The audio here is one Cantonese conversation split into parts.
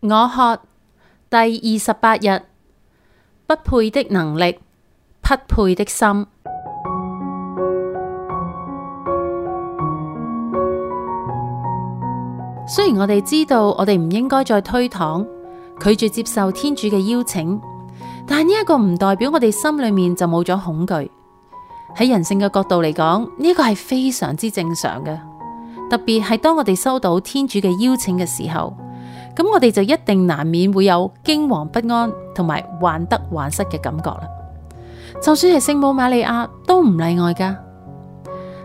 我渴第二十八日，不配的能力，匹配的心。雖然我哋知道我哋唔應該再推搪，拒絕接受天主嘅邀請，但係呢一個唔代表我哋心裏面就冇咗恐懼。喺人性嘅角度嚟講，呢、呢個係非常之正常嘅，特別係當我哋收到天主嘅邀請嘅時候。咁我哋就一定難免會有驚惶不安同埋患得患失嘅感覺啦。就算係聖母瑪利亞都唔例外噶。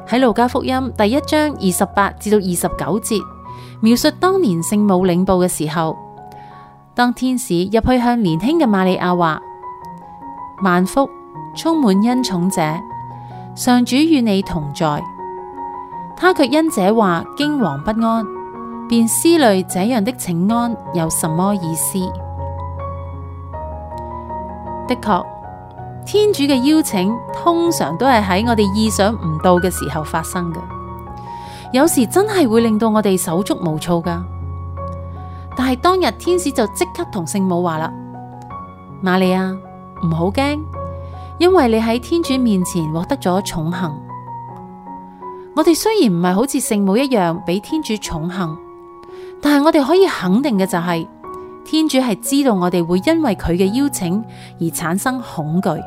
喺路加福音第一章二十八至到二十九節，描述當年聖母領報嘅時候，當天使入去向年輕嘅瑪利亞話，萬福，充滿恩寵者，上主與你同在。她卻因這話驚惶不安。便思慮這樣的請安有什麼意思？的確，天主嘅邀請通常都係喺我哋意想唔到嘅時候發生嘅，有時真係會令到我哋手足無措㗎。但係當日天使就即刻同聖母話啦，瑪利亞唔好驚，因為你喺天主面前獲得咗寵幸。我哋雖然唔係好似聖母一樣俾天主寵幸。但係我哋可以肯定嘅就係，天主係知道我哋會因為佢嘅邀請而產生恐懼，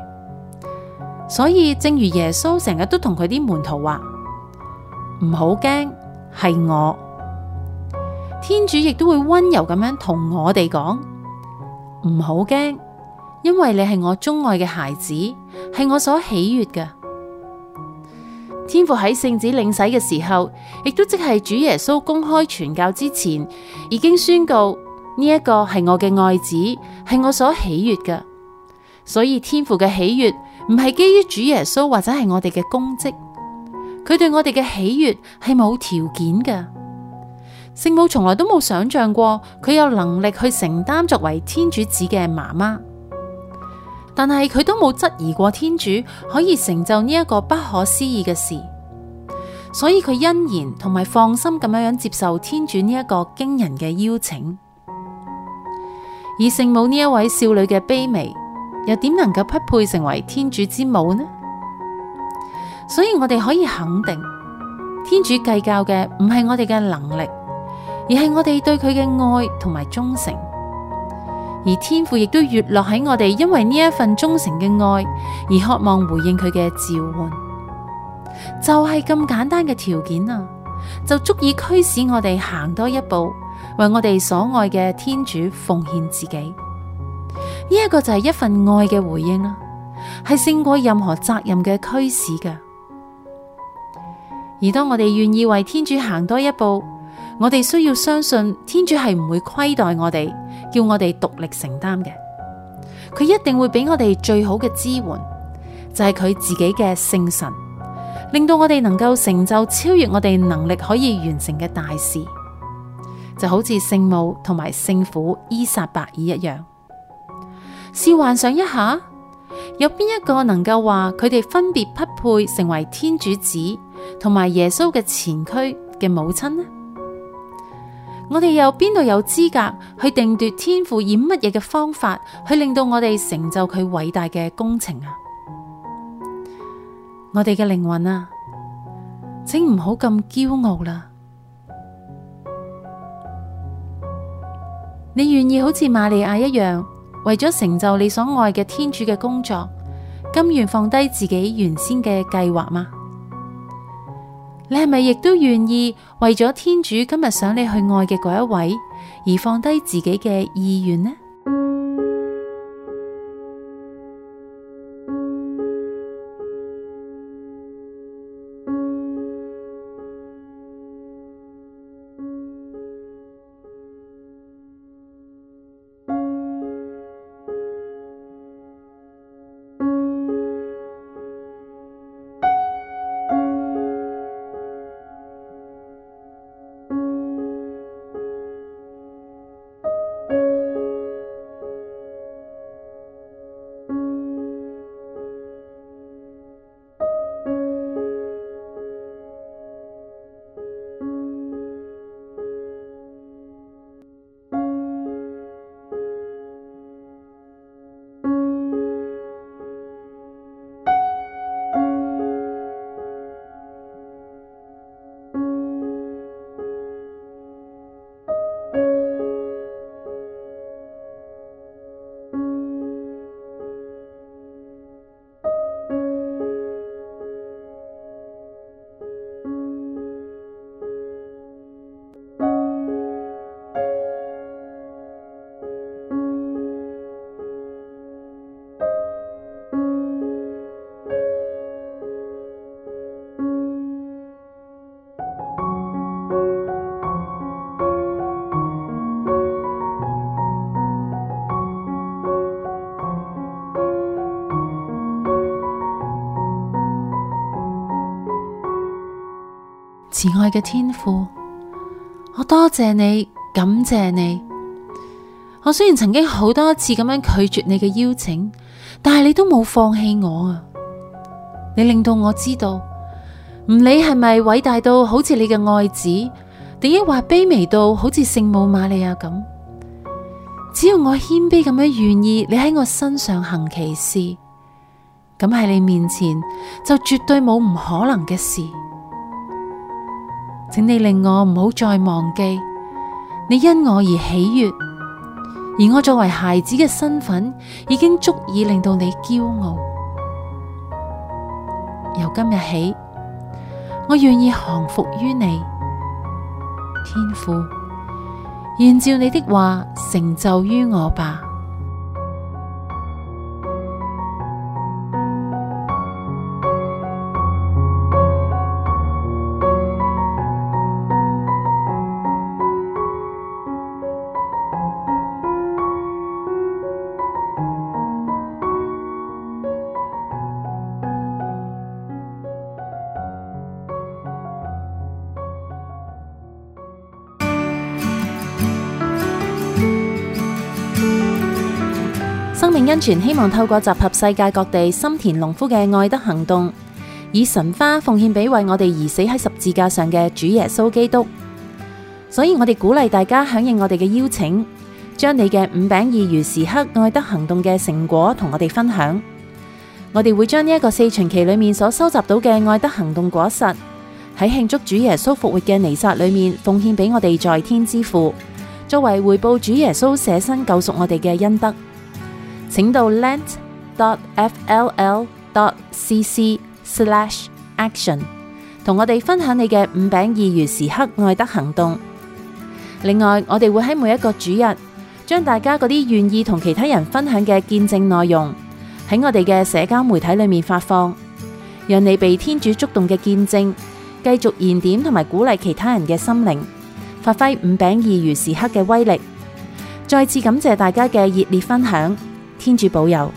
所以正如耶穌成日都同佢啲門徒話，唔好驚，係我。天主亦都會溫柔咁樣同我哋講，唔好驚，因為你係我鍾愛嘅孩子，係我所喜悅嘅。天父喺聖子領洗嘅時候，亦都即係主耶穌公開傳教之前，已經宣告呢一、這個係我嘅愛子，係我所喜悅嘅。所以天父嘅喜悅唔係基於主耶穌或者係我哋嘅功績，佢對我哋嘅喜悅係冇條件嘅。聖母從來都冇想象過佢有能力去承擔作為天主子嘅媽媽。但係佢都冇質疑過天主可以成就呢一個不可思議嘅事，所以佢欣然同埋放心咁樣接受天主呢一個驚人嘅邀請。而聖母呢一位少女嘅卑微，又點能夠匹配成為天主之母呢？所以我哋可以肯定，天主計較嘅唔係我哋嘅能力，而係我哋對佢嘅愛同埋忠誠。而天父亦都悅樂喺我哋，因為呢一份忠誠嘅愛而渴望回應佢嘅召喚，就係、是、咁簡單嘅條件啊，就足以驅使我哋行多一步，為我哋所愛嘅天主奉獻自己。呢、這、一個就係一份愛嘅回應啦，係勝過任何責任嘅驅使嘅。而當我哋願意為天主行多一步，我哋需要相信天主係唔會虧待我哋，叫我哋獨力承擔嘅，佢一定會俾我哋最好嘅支援，就係、是、佢自己嘅聖神，令到我哋能夠成就超越我哋能力可以完成嘅大事，就好似聖母同埋聖婦依撒伯爾一樣。試幻想一下，有邊一個能夠話佢哋分別匹配成為天主子同埋耶穌嘅前驅嘅母親呢？我哋又邊度有資格去定奪天父以乜嘢嘅方法去令到我哋成就佢偉大嘅工程啊？我哋嘅靈魂啊，請唔好咁驕傲啦！你願意好似瑪利亞一樣，為咗成就你所愛嘅天主嘅工作，甘願放低自己原先嘅計劃嗎？你係咪亦都願意為咗天主今日想你去愛嘅嗰一位而放低自己嘅意願呢？慈愛嘅天父，我多謝你，感謝你。我雖然曾經好多次咁樣拒絕你嘅邀請，但係你都冇放棄我啊！你令到我知道，唔理係咪偉大到好似你嘅愛子，定抑或卑微到好似聖母瑪利亞咁，只要我謙卑咁樣願意，你喺我身上行奇事，咁喺你面前就絕對冇唔可能嘅事。請你令我唔好再忘記，你因我而喜悅，而我作為孩子嘅身份已經足以令到你驕傲。由今日起，我願意降服於你，天父，願照你的話成就於我吧。恩泉希望透過集合世界各地心田農夫嘅愛德行動，以神花奉獻俾為我哋而死喺十字架上嘅主耶穌基督。所以我哋鼓勵大家響應我哋嘅邀請，將你嘅五餅二魚時刻愛德行動嘅成果同我哋分享。我哋會將呢一個四旬期裏面所收集到嘅愛德行動果實，喺慶祝主耶穌復活嘅彌撒裏面奉獻俾我哋在天之父，作為回報主耶穌捨身救贖我哋嘅恩德。請到 lent.fll.cc/action 同我哋分享你嘅五餅二魚時刻愛德行動。另外，我哋會喺每一個主日，將大家嗰啲願意同其他人分享嘅見證內容，喺我哋嘅社交媒體裏面發放，讓你被天主觸動嘅見證，繼續燃點同埋鼓勵其他人嘅心靈，發揮五餅二魚時刻嘅威力。再次感謝大家嘅熱烈分享。天主保佑。